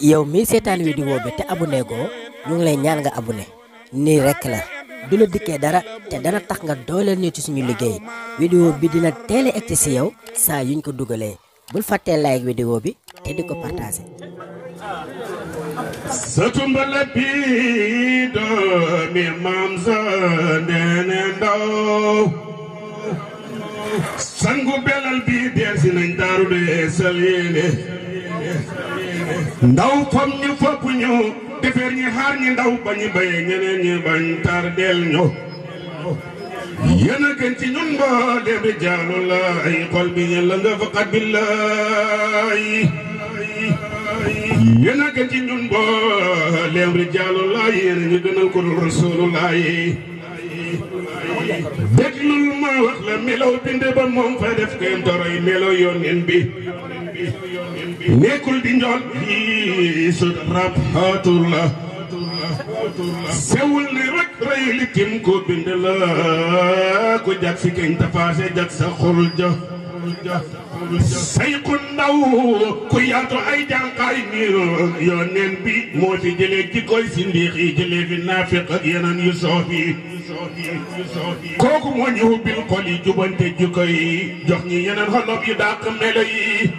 yow mii seetaan vidéo bi te abonné goo ñu ngi lay ñaan nga abonné nii rekk la du la dikkee dara te dana tax nga dooleel ñu suñu liggéey vidéo bi dina teel a egg si yow saa yuñ ko dugalee bul fàttee like vidéo bi te di ko partagé satumbala bi doomi maam sa ndeene ndaw sangu belal bi delsi nañ daaru de sal yéene ndaw kom ñu fopp ñu ñi xaar ñi ndaw ba ñu bayee ñeneen ñi bañ tar del ñu yéen ci ñun boo dem di jaalu la ay xol bi ñen la nga faqat billaay ci ñun boo dem di jaalu la yéen ñu dëgg man lu ma wax la melaw bind moom fa def kenn doroy melaw yoneen bi nekkul di njool bi sut rab xaatur la sewul ni rek rey li kim ko bind la ko jag fi kañ tafaase jag sa xol ja sayku ndaw ku yaatu ay jànqaay niir yoneen bi moo ci jëlee jikkoy si ndiix yi jëlee fi naafiq ak yeneen yu soof yi kooku moo ñu ubbil xol yi jubante yi jox ñi yeneen xolob yu dàq melo yi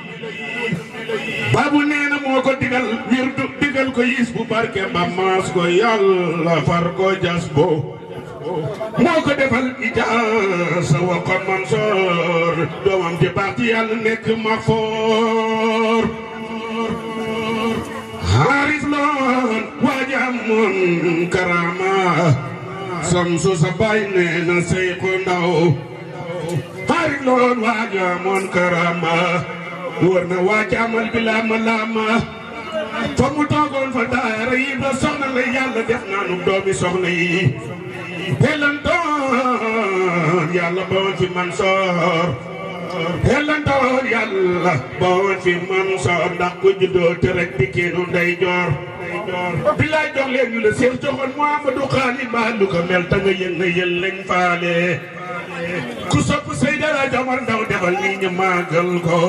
baabu nee na moo ko digal wirdu digal ko yiis bu barke ba maas ko yàlla far ko jas moo ko defal ijaasa wa ko Mansoor doomam di parti yàlla nekk Maxfoor xaaris loon waajamoon karaama samsu sa baay nee na sey ko ndaw xaaris loon waajamoon karaama wër na waajamal bi laama fa mu toogoon fa daara yi ba soxna la yàlla def naanu doomi soxna yi helantoon yàlla bawoon fi Mansoor helantoon yàlla bawoon fi Mansoor ndax ku juddoo te rek dikkeenu ndey joor bilaay jox leen ñu la seer joxoon Muhammadu xaali maa lu ko mel ta nga yënga yël faale ku sopp Seydina Jamar Ndaw defal ni ñu màggal ko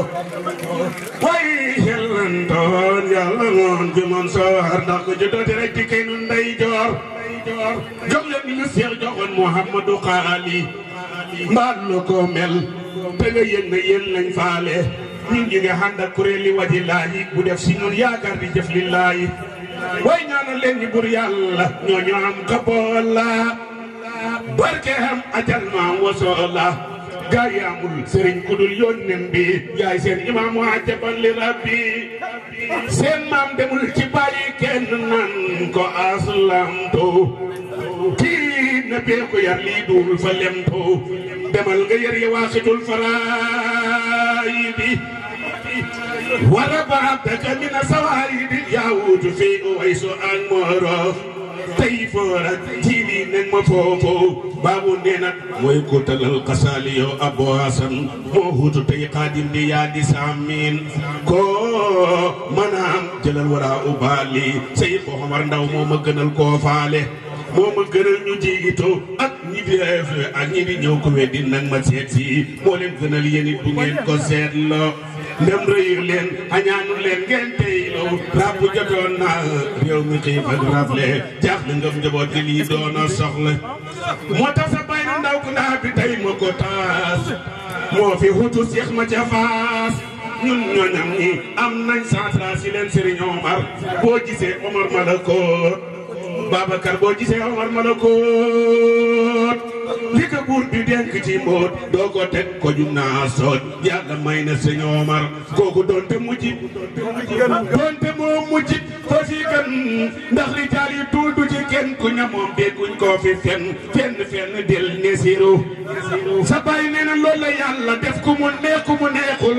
way helantoon yàlla moon fi Mansoor ndax ku juddoo te rek dikkeenu ndey joor Dior jox leen li nga seex joxoon Mouhamadou Xaali mbaal na ko mel te na yéen faale ñun ñi nga ànd ak kuréeli waji laayi bu def si ñun yaakaar di jëf li way ñaanal leen ñi bur yàlla ñoo ñu am kaboola barke am ajal maam gaa yi amul sëriñ ku dul yónneen bi yaay seen imaam ajaban li rabbi seen maam demul ci bàyyi kenn nan ko aslamtu kii na bee ko yar lii duul fa lemtu demal nga yar ya waaxitul faraayidi wala baab daka mina sawaayidi yaa wuutu fii uwaysu ak moorof tey foor ak tiili nekk ma foofoo baabu nee mooy ku talal xasaali yow hasan moo hutu tey xaadim di yaa di saamin koo mën a am jëlal waraa ubaali sayid Omar Ndaw moo ma gënal koo faale moo ma gënal ñu jiitoo ak ñi di ak ñi ñëw ko weddi nag ma seet moo leen gënal yéen bu ngeen ko seetloo ndem rëyul leen xañaanu leen ngeen teylu ràbb jotoon na réew mi xiif ak rab leen jaaxle ngëm njaboot gi lii doon a soxla moo tax sa bay ku naa bi tey ma ko taas moo fi xutu seex ma ca faas ñun ñooñam ñi am nañ santra si leen Serigne Omar boo gisee Omar Malakoot Babacar boo gisee Omar Malakoot li ko buur bi denk ci mbóot doo ko teg ko jum naa soot yàlla may na sëñ Omar kooku doonte mujj doonte moo mujj ko si gën ndax li jaar yi tuul ci kenn ku ña moom dégguñ koo fi fenn fenn fenn del nesiru sa bàyyi nee na la yàlla def ku mu neex ku mu neexul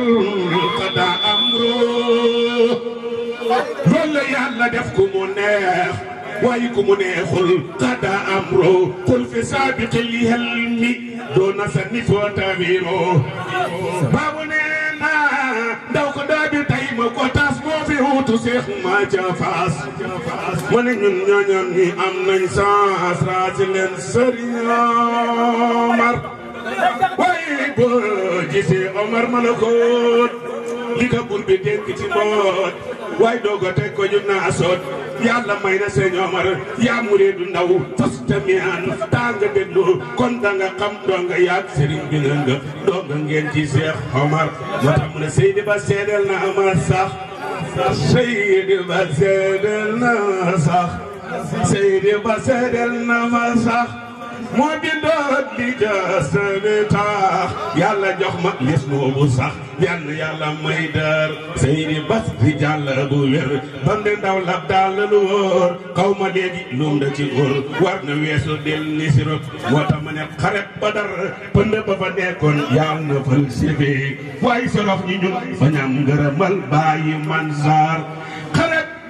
xada la yàlla def ku mu neex ويكم نيخل قد أمره قل في سابق الهلم دون سنف وتغيره بابنا ndaw ko daa bi tay ko taas moo fi wuutu seex ma ca faas ne ñun ñooñoon ñi am nañ saas raasi leen sëriñ Omar waaye boo gisee Omar ma la koot li ka bur bi ci mboot waaye doo ko teg naa soot yàlla may na sëñ Omar yaa muriidu ndaw fas tamiyaan taa nga déglu kon da nga xam doo nga yaag sëriñ bi na nga nga ngeen ci Seex Omar moo tax mu Ba seedeel na Omar sax Seydi Ba Ba seedeel na ma sax moo di doon li jësële yàlla jox ma lis bu sax yal na yàlla may dër Seydi Bas di jàll bu wér ba mu ne lab daal la lu wóor xaw ma léegi lum da ci góor war na weesu del ni sirop moo tax ma ne xaret ba dar pënd ba fa nekkoon yàlla fël si waaye sorox ñi ñun fa ñam ngërëmal bàyyi man